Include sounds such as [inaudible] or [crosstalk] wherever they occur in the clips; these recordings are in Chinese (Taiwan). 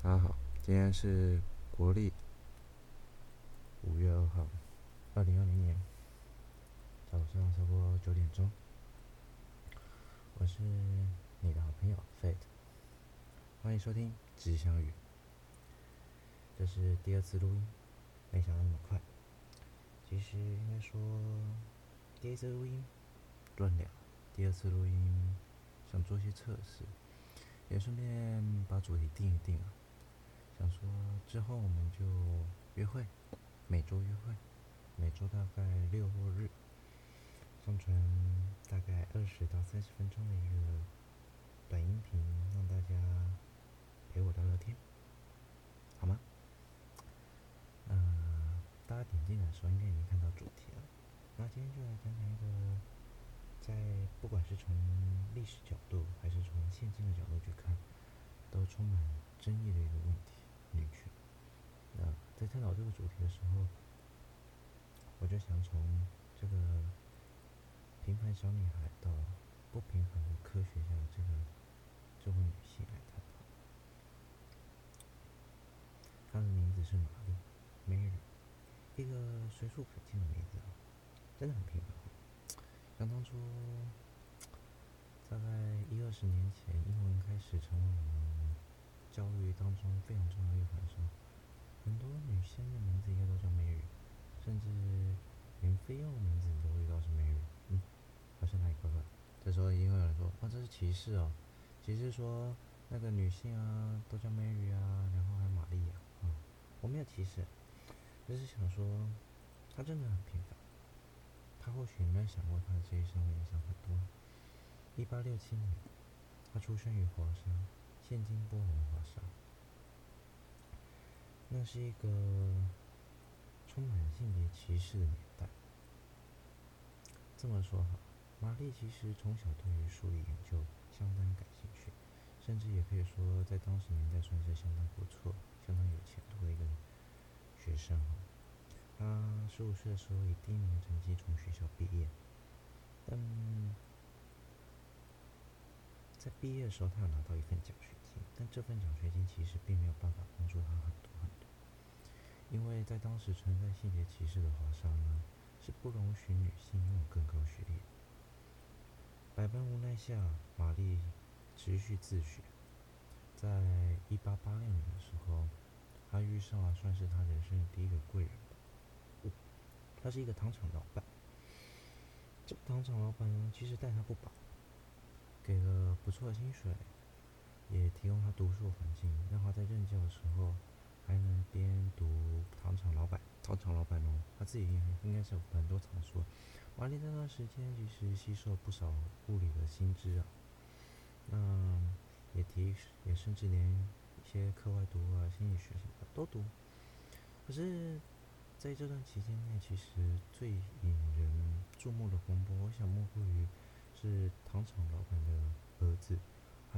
大、啊、家好，今天是國曆五月二號，二零二零年早上差不多九點鐘，我是你的好朋友 Fate，歡迎收聽吉祥語。這是第二次錄音，沒想到那麼快。其實應該說，第一次錄音斷了，第二次錄音想做些測試，也順便把主題定一定了。想說之後我們就約會，每週約會，每週大概六或日，上傳大概二十到三十分鐘的一個短音頻，讓大家陪我聊聊天，好嗎？嗯、呃，大家點進來的時候應該已經看到主題了。那今天就來講講一個，在不管是從歷史角度還是從現今的角度去看，都充滿爭議的一個問題。女性。那在探討這個主題的時候，我就想從這個平凡小女孩到不平凡的科學家這個這位女性來探討。她的名字是瑪麗，Mary，一個隨處可見的名字，啊，真的很平凡。想當初，大概一二十年前，英文開始成為我們。教育當中非常重要的一環是，很多女性的名字應該都叫美女，甚至連菲傭的名字都遇到是美女。嗯，好像哪一個？這時候也會有人說，哦，這是歧視哦。歧視說那個女性啊都叫美女啊，然後還有瑪麗亞。嗯，我沒有歧視，只是想說，她真的很平凡。她或許沒有想過她的這一生會影響很多。一八六七年，她出生於華沙。現今波蘭的華沙，那是一個充滿性別歧視的年代。這麼說好，瑪麗其實從小對於數理研究相當感興趣，甚至也可以說在當時年代算是相當不錯、相當有前途的一個學生哈。她十五歲的時候以第一名成績從學校畢業，但，在畢業的時候她有拿到一份獎學金。但這份獎學金其實並沒有辦法幫助他很多很多，因為在當時存在性別歧視的華沙呢，是不容許女性擁有更高學歷。百般無奈下，瑪麗持續自學。在1886年的時候，她遇上了算是她人生第一個貴人吧，他是一個糖廠老闆。這糖廠老闆呢，其實待他不薄，給了不錯的薪水。也提供他讀書的環境，讓他在任教的時候還能邊讀糖廠老板，糖廠老板呢、哦，他自己應該應該是有很多藏書。瑪麗那段時間其實吸收了不少物理的新知啊，那也提也甚至連一些課外讀物啊、心理學什麼的都讀。可是，在這段期間內，其實最引人注目的風波，我想莫過於是糖廠老板的兒子。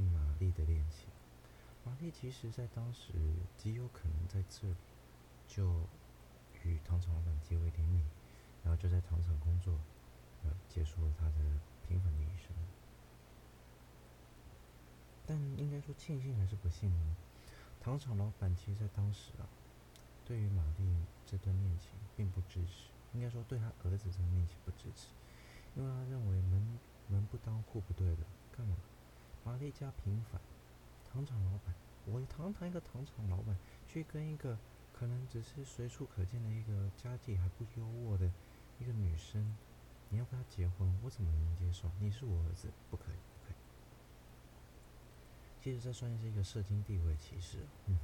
瑪麗的戀情，瑪麗其實在當時極有可能在這裡就與糖廠老板結為連理，然後就在糖廠工作，呃，結束了她的平凡的一生。但應該說慶幸還是不幸呢？糖廠老板其實，在當時啊，對於瑪麗這段戀情並不支持，應該說對他兒子這段戀情不支持，因為他認為門門不當戶不對的，幹嘛？瑪麗家平凡，糖廠老板。我堂堂一個糖廠老板，去跟一個可能只是隨處可見的一個家境還不優渥的，一個女生，你要跟她結婚，我怎麼能接受？你是我兒子，不可以，不可以。其實這算是一個社經地位歧視、嗯。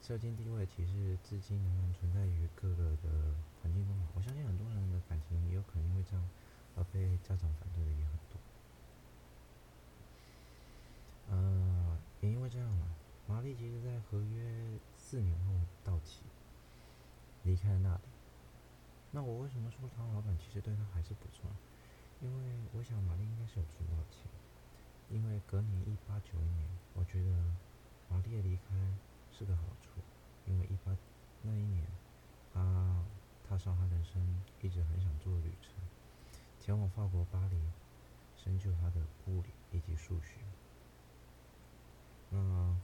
社經地位歧視至今仍然存在於各個的環境中。我相信很多人的感情也有可能因為這樣而被家長反對的遺憾這樣吧，瑪麗其實，在合約四年後到期，離開了那裡。那我為什麼說他老板其實對他還是不錯？因為我想，瑪麗應該是有存到錢。因為隔年一八九一年，我覺得瑪麗的離開是個好處，因為一八那一年，他踏上她人生一直很想做的旅程，前往法國巴黎，深究他的物理以及數學。那、嗯、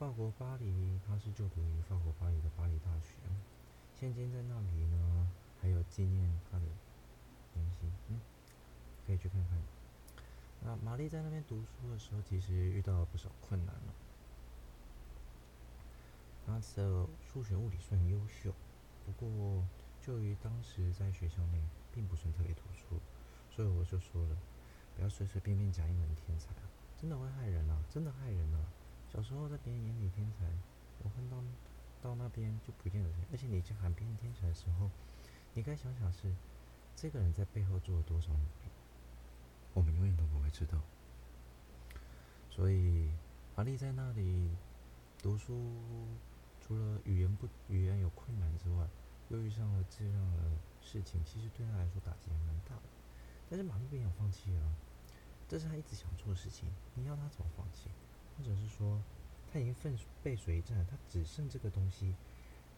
法國巴黎，他是就讀於法國巴黎的巴黎大學。現今在那裡呢，還有紀念他的東西，嗯，可以去看看。那瑪麗在那邊讀書的時候，其實遇到了不少困難了。她的數學物理算優秀，不過就於當時在學校內並不算特別突出，所以我就說了，不要隨隨便便講一門天才啊。真的會害人啊，真的害人啊。小時候在別人眼裡天才，我看到到那邊就不見了。而且你去喊別人天才的時候，你該想想是這個人在背後做了多少努力，我們永遠都不會知道。所以瑪麗在那裡讀書，除了語言不語言有困難之外，又遇上了這樣的事情，其實對她來說打擊還蠻大的。但是瑪麗不想放棄啊。這是他一直想做的事情，你要他怎麼放棄？或者是說，他已經分，背水一戰，他只剩這個東西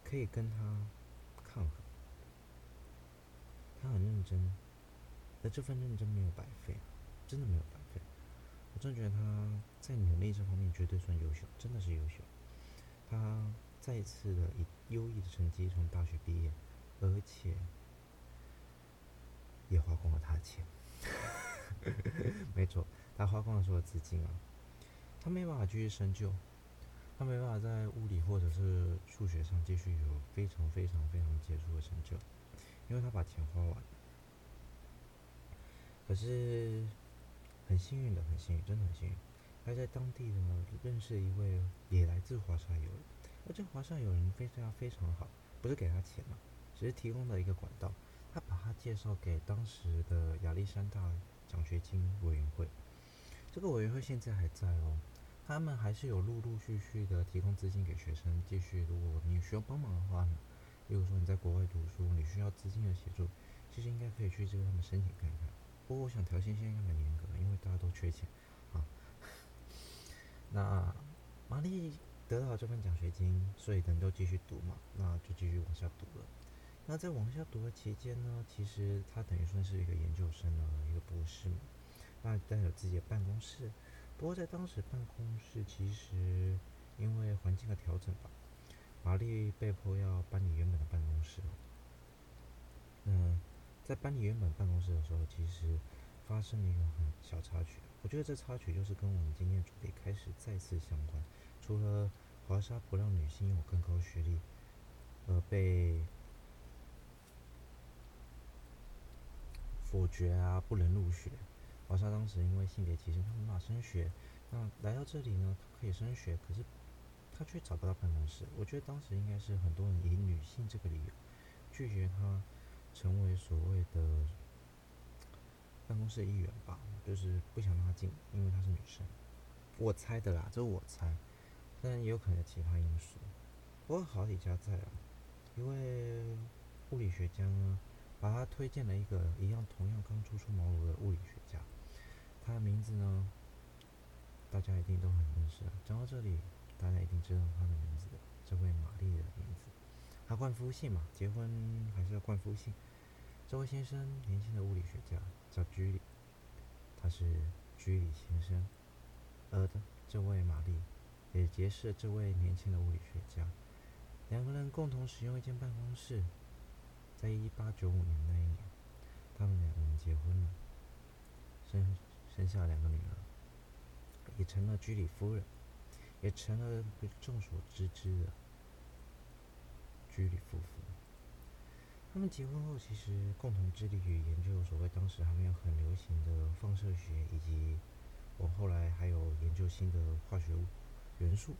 可以跟他抗衡。他很認真，而這份認真沒有白費，真的沒有白費。我真覺得他在努力這方面絕對算優秀，真的是優秀。他再次的以優異的成績從大學畢業，而且也花光了他的錢。 [laughs] [laughs] 沒錯，他花光了所有資金啊，他沒辦法繼續深究，他沒辦法在物理或者是數學上繼續有非常非常非常傑出的成就，因為他把錢花完了。可是很幸運的，很幸運，真的很幸運，他在當地呢，認識一位也來自華沙友人，而且華沙友人非常非常好，不是給他錢嘛，只是提供了一個管道，他把他介紹給當時的亞歷山大。獎學金委員會，這個委員會現在還在哦，他們還是有陸陸續續的提供資金給學生。繼續，如果你需要幫忙的話呢，例如說你在國外讀書，你需要資金的協助，其實應該可以去這個他們申請看看。不過我想條件現在應該蠻嚴格的，因為大家都缺錢啊。那瑪麗得到這份獎學金，所以等就繼續讀嘛，那就繼續往下讀了。那在往下讀的期間呢，其實他等於算是一個研究生的、啊、一個博士嘛。那帶有自己的辦公室，不過在當時辦公室其實因為環境的調整吧，瑪麗被迫要搬離原本的辦公室。嗯，在搬離原本辦公室的時候，其實發生了一個很小插曲。我覺得這插曲就是跟我們今天主題開始再次相關。除了華沙不讓女性擁有更高學歷，呃被。否決啊，不能入學。好、啊、像當時因為性別歧視，他無法升學。那來到這裡呢，他可以升學，可是他卻找不到辦公室。我覺得當時應該是很多人以女性這個理由拒絕他成為所謂的辦公室一員吧，就是不想讓他進，因為他是女生。我猜的啦，這是我猜，當然也有可能有其他因素。不過好幾家在，啊，一位物理學家呢。把他推薦了一個一樣同樣剛初出茅廬的物理學家，他的名字呢，大家一定都很認識。講到這裡，大家一定知道他的名字了。這位瑪麗的名字，他冠夫姓嘛，結婚還是要冠夫姓。這位先生，年輕的物理學家叫居里，他是居里先生。呃，這位瑪麗也結識了這位年輕的物理學家，兩個人共同使用一間辦公室。在一八九五年那一年，他們兩個人結婚了，生生下兩個女兒，也成了居里夫人，也成了眾所周知的居里夫婦。他們結婚後，其實共同致力於研究所謂當時還沒有很流行的放射學，以及我後來還有研究新的化學物元素。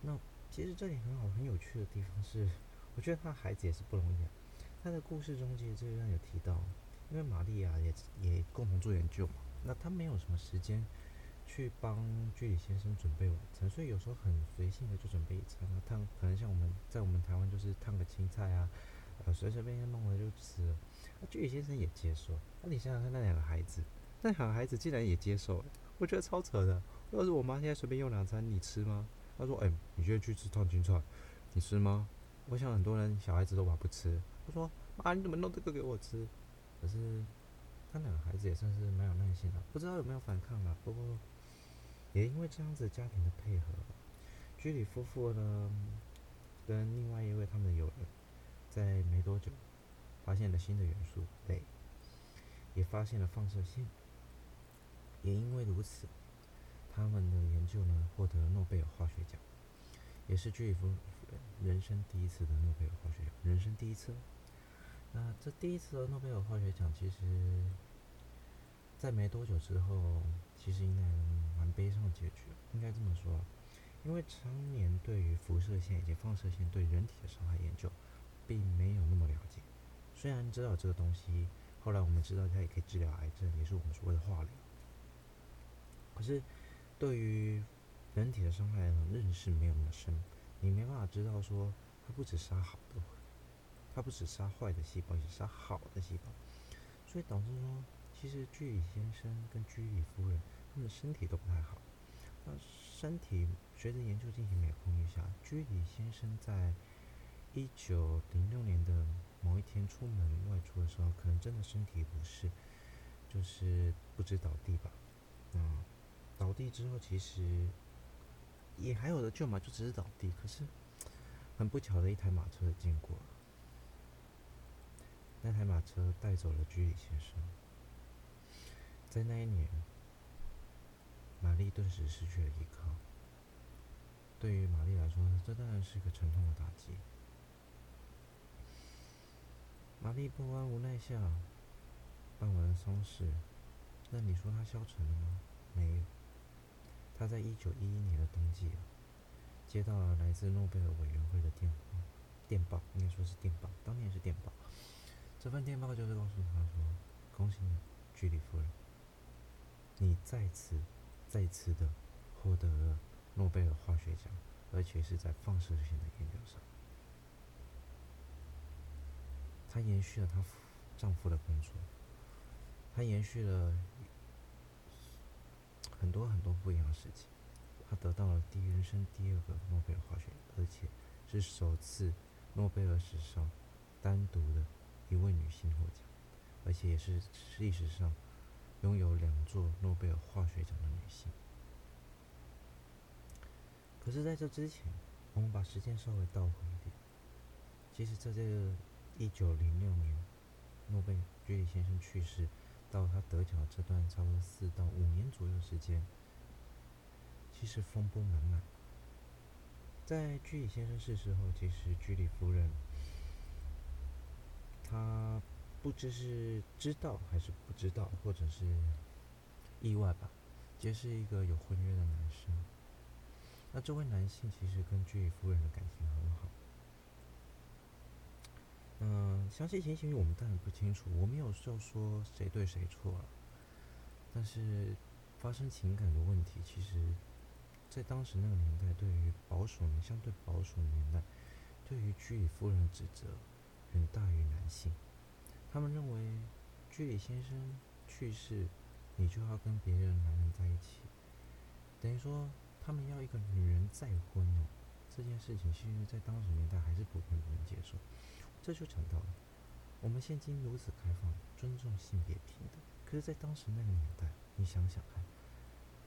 那其實這裡很好、很有趣的地方是，我覺得他孩子也是不容易啊。他的故事中其實這一段有提到，因為瑪利亞也也共同做研究嘛，那他沒有什麼時間去幫居里先生準備晚餐，所以有時候很隨性的就準備一餐啊，燙可能像我們在我們台灣就是燙個青菜啊，呃隨隨便便弄了就吃了。那居里先生也接受，那你想想看那兩個孩子，那兩個孩子竟然也接受，我覺得超扯的。要是我媽現在隨便用兩餐你吃嗎？她說哎，你覺得去吃燙青菜，你吃嗎？我想很多人小孩子都玩不吃。他說，媽，你怎麼弄這個給我吃？可是，他兩個孩子也算是蠻有耐心的，不知道有沒有反抗吧、啊。不過，也因為這樣子家庭的配合，居里夫婦呢，跟另外一位他們的友人，在沒多久，發現了新的元素，對，也發現了放射性。也因為如此，他們的研究呢，獲得了諾貝爾化學獎，也是居里夫。人生第一次的諾貝爾化學獎，人生第一次。那這第一次的諾貝爾化學獎，其實，在沒多久之後，其實應該蠻悲傷的結局，應該這麼說。因為常年對於輻射線以及放射線對人體的傷害研究，並沒有那麼了解。雖然知道這個東西，後來我們知道它也可以治療癌症，也是我們所謂的化療。可是，對於人體的傷害呢，認識沒有那麼深。你沒辦法知道說，它不只殺好的，它不只殺壞的細胞，也殺好的細胞，所以導致說，其實居里先生跟居里夫人，他們的身體都不太好。那身體隨着研究進行，每況愈下。居里先生在一九零六年的某一天出門外出的時候，可能真的身體不適，就是不知倒地吧。那、嗯、倒地之後，其實。也還有的舊馬就只是倒地，可是很不巧的一台馬車經過，那台馬車帶走了居里先生。在那一年，瑪麗頓時失去了依靠。對於瑪麗來說，這當然是一個沉痛的打擊。瑪麗不安無奈下辦完了喪事，那你說她消沉了嗎？沒有。他在一九一一年的冬季啊，接到了來自諾貝爾委員會的電話，電報，應該說是電報，當年是電報。這份電報就是告訴他說：“恭喜你，居里夫人，你再次、再次的獲得了諾貝爾化學獎，而且是在放射性的研究上。”他延續了他丈夫的工作，他延續了。很多很多不一樣的事情，她得到了第人生第二個諾貝爾化學獎，而且是首次諾貝爾史上單獨的一位女性獲獎，而且也是歷史上擁有兩座諾貝爾化學獎的女性。可是，在這之前，我們把時間稍微倒回一點，其實，在這個一九零六年，諾貝爾居禮先生去世。到他得獎這段，差不多四到五年左右時間，其實風波滿滿。在居里先生逝世後，其實居里夫人，她不知是知道還是不知道，或者是意外吧，結識一個有婚約的男生。那這位男性其實跟居里夫人的感情很好。嗯、呃，詳細情形我們當然不清楚，我沒有就說誰對誰錯了。但是發生情感的問題，其實，在當時那個年代，對於保守相對保守的年代，對於居里夫人的指責遠大於男性。他們認為居里先生去世，你就要跟別人男人在一起，等於說他們要一個女人再婚了這件事情，其實，在當時年代還是普遍不能接受。這就講到了，我們現今如此開放、尊重性別平等，可是，在當時那個年代，你想想看，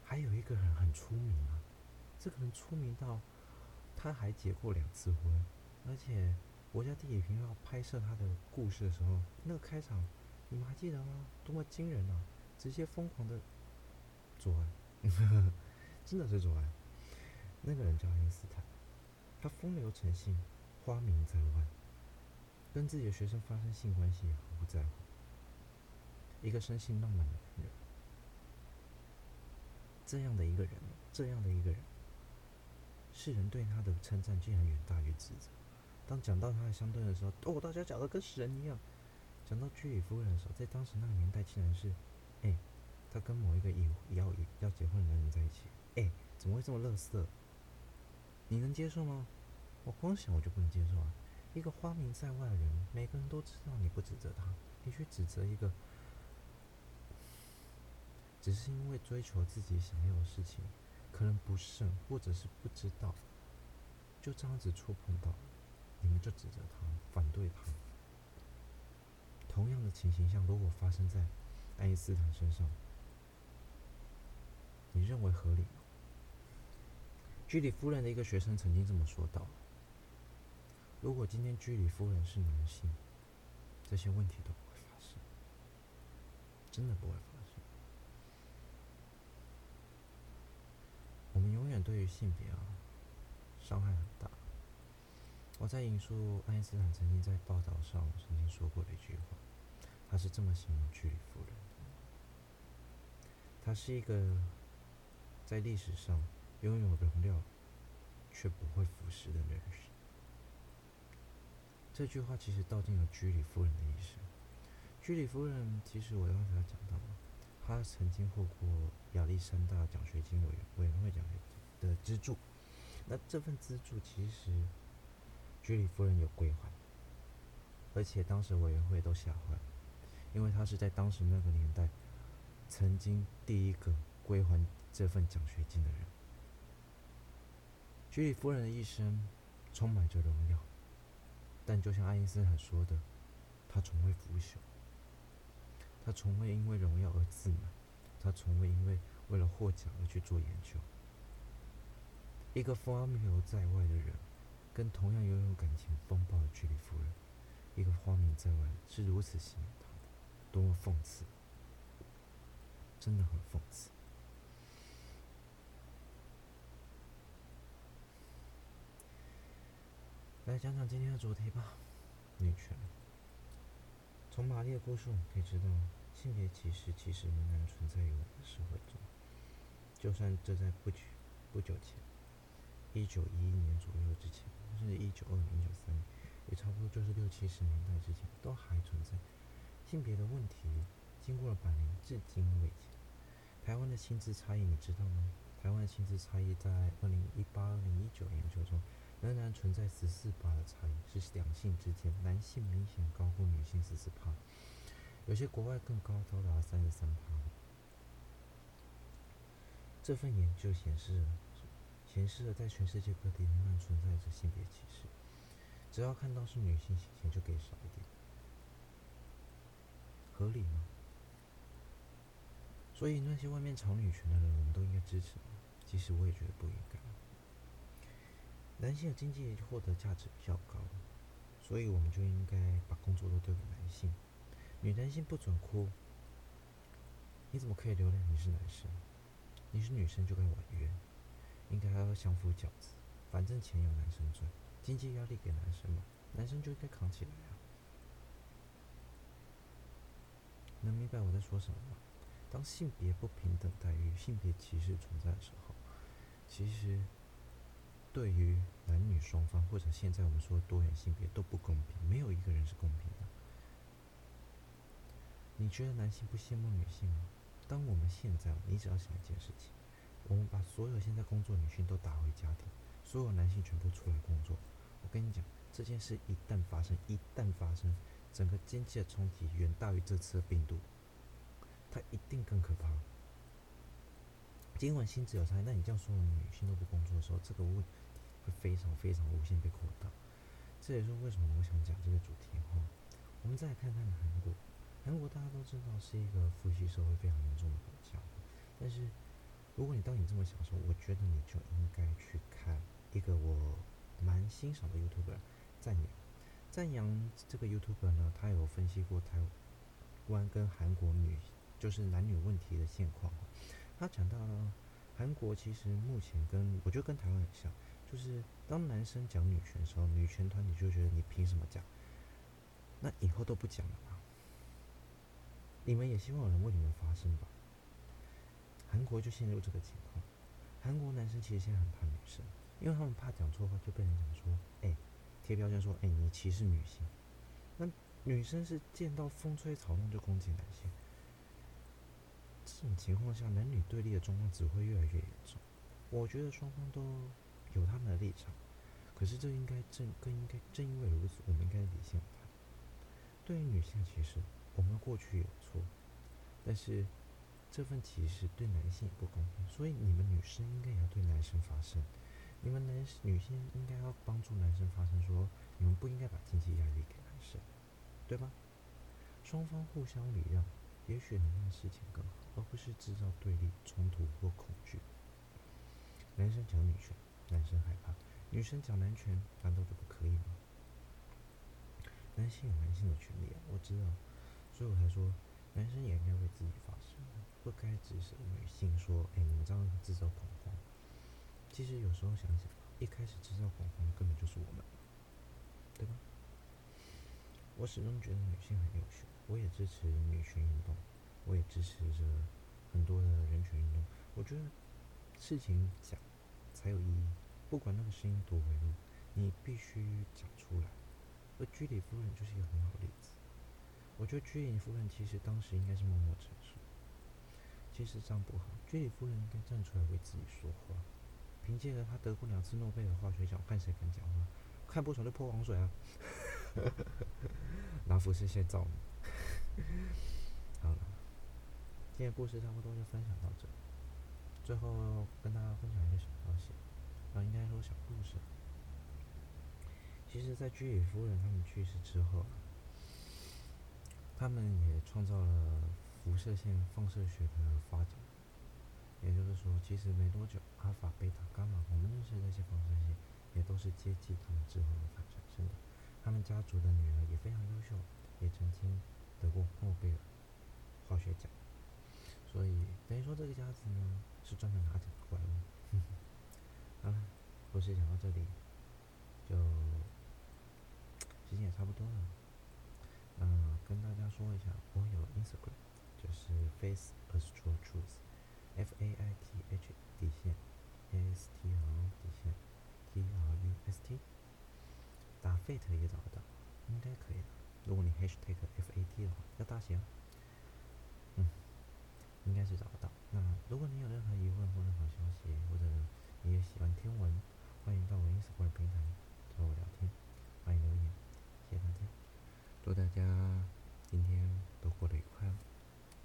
還有一個人很出名啊！這個人出名到，他還結過兩次婚，而且國家地理頻道拍攝他的故事的時候，那個開場，你們還記得嗎？多麼驚人啊！直接瘋狂的做愛， [laughs] 真的是做愛。那個人叫愛因斯坦，他風流成性，花名在外。跟自己的學生發生性關係也毫不在乎，一個生性浪漫的男人，這樣的一個人，這樣的一個人，世人對他的稱讚竟然遠大於指責。當講到他的相對的時候，哦，大家講的跟神一樣。講到居里夫人的時候，在當時那個年代，竟然是，誒、欸，他跟某一個要要要結婚的男人在一起，誒、欸，怎麼會這麼垃圾？你能接受嗎？我光想我就不能接受啊。一個花名在外的人，每個人都知道，你不指責他，你去指責一個，只是因為追求自己想要的事情，可能不慎，或者是不知道，就這樣子觸碰到，你們就指責他，反對他。同樣的情形，像如果發生在愛因斯坦身上，你認為合理嗎？居里夫人的一個學生曾經這麼說道。如果今天居里夫人是男性，這些問題都不會發生，真的不會發生。我們永遠對於性別啊，傷害很大。我在引述愛因斯坦曾經在報道上曾經說過的一句話，他是這麼形容居里夫人的。他是一個在歷史上擁有榮耀卻不會腐蝕的人士。這句話其實道盡了居里夫人的一生。居里夫人，其實我剛才講到她曾經獲過亞歷山大獎學金委員委員會獎的資助。那這份資助其實，居里夫人有歸還，而且當時委員會都嚇壞了，因為她是在當時那個年代，曾經第一個歸還這份獎學金的人。居里夫人的一生充滿着榮耀。但就像愛因斯坦說的，他從未腐朽，他從未因為榮耀而自滿，他從未因為為了獲獎而去做研究。一個風流在外的人，跟同樣擁有感情風暴的居里夫人，一個花名在外是如此吸引他的，多麼諷刺，真的很諷刺。來講講今天的主題吧，女權。從瑪麗的故事我們可以知道，性別歧視其實仍然存在於社會中。就算這在不久、不久前，一九一一年左右之前，甚至一九二零、一九三零年，也差不多就是六七十年代之前，都還存在。性別的問題，經過了百年，至今未解。台灣的薪資差異你知道嗎？台灣的薪資差異在二零一八、二零一九年之中。仍然存在十四趴的差異，是兩性之間男性明顯高過女性十四趴，有些國外更高，高達三十三趴。這份研究顯示，顯示了在全世界各地仍然存在着性別歧視，只要看到是女性，錢就可以少一點，合理嗎？所以那些外面炒女權的人，我們都應該支持嗎？其實我也覺得不應該。男性的經濟獲得價值比較高，所以我們就應該把工作都丟給男性。女男性不准哭，你怎麼可以流淚？你是男生，你是女生就該婉約，應該要相夫教子。反正錢由男生賺，經濟壓力給男生嘛，男生就應該扛起來啊。能明白我在說什麼嗎？當性別不平等待遇、性別歧視存在的時候，其實。對於男女雙方，或者現在我們說的多元性別都不公平，沒有一個人是公平的。你覺得男性不羨慕女性嗎？當我們現在，你只要想一件事情，我們把所有現在工作女性都打回家庭，所有男性全部出來工作，我跟你講，這件事一旦發生，一旦發生，整個經濟的衝擊遠大於這次的病毒，它一定更可怕。今晚薪資有差，那你這樣說，所有女性都不工作的時候，這個問。會非常非常無限被擴大，這也是為什麼我想講這個主題哈。我們再來看看韓國，韓國大家都知道是一個父系社會非常嚴重的國家，但是如果你當你這麼想說，我覺得你就應該去看一個我蠻欣賞的 YouTuber，讚揚讚揚這個 YouTuber 呢，他有分析過台灣跟韓國女就是男女問題的現況哈。他講到呢，韓國其實目前跟我覺得跟台灣很像。就是當男生講女權的時候，女權團你就覺得你憑什麼講？那以後都不講了嗎？你們也希望有人為你們發聲吧？韓國就陷入這個情況。韓國男生其實現在很怕女生，因為他們怕講錯話就被人講說：“誒、哎，貼標籤說誒、哎，你歧視女性。”那女生是見到風吹草動就攻擊男性。這種情況下，男女對立的狀況只會越來越嚴重。我覺得雙方都有他們的立場，可是這應該正更應該正因為如此，我們應該理性。對於女性其實我們過去也有錯，但是這份歧視對男性也不公平，所以你們女生應該也要對男生發聲，你們男女性應該要幫助男生發聲，說你們不應該把經濟壓力給男生，對嗎？雙方互相禮讓，也許能讓事情更好，而不是製造對立、衝突或恐懼。男生講女權。男生害怕，女生講男權，難道就不可以嗎？男性有男性的權利，啊。我知道，所以我才說，男生也應該為自己發聲，不該只是女性說，哎、欸，你們這樣製造恐慌。其實有時候想想，一開始製造恐慌根本就是我們，對吧？我始終覺得女性很優秀，我也支持女權運動，我也支持着很多的人權運動。我覺得事情講。還有意義，不管那個聲音多微弱，你必須講出來。而居里夫人就是一個很好的例子。我覺得居里夫人其實當時應該是默默承受，其實這樣不好。居里夫人應該站出來為自己說話，憑借着她得過兩次諾貝爾化學獎，我看誰敢講話？看不爽就潑黃水啊！ [laughs] [laughs] 拿輻射線照你。 [laughs] 好了，今天的故事差不多就分享到這裡。最後跟大家分享一個小消息，呃、啊，應該說小故事。其實，在居里夫人他們去世之後，他們也創造了輻射線放射學的發展。也就是說，其實沒多久，阿爾法、貝塔、伽馬，我們認識的那些放射線，也都是接替他們之後才產生的。他們家族的女兒也非常優秀，也曾經得過諾貝爾化學獎。所以，等於說這個家族呢。是專門拿着過來的，好了，故事講到這裡，就時間也差不多了。嗯，跟大家說一下，我有 Instagram，就是 Faith Astro Choose F A I T H 底線 A S T R 底線 T R U S T，打 Fate 也找不到，應該可以的。如果你 hashtag F A T 的話，要大寫，嗯，應該是找不到。那如果你有任何疑問或者好消息，或者你也喜歡聽聞，歡迎到我 Instagram 的平台找我聊天，歡迎留言，謝謝大家，祝大家今天都過得愉快！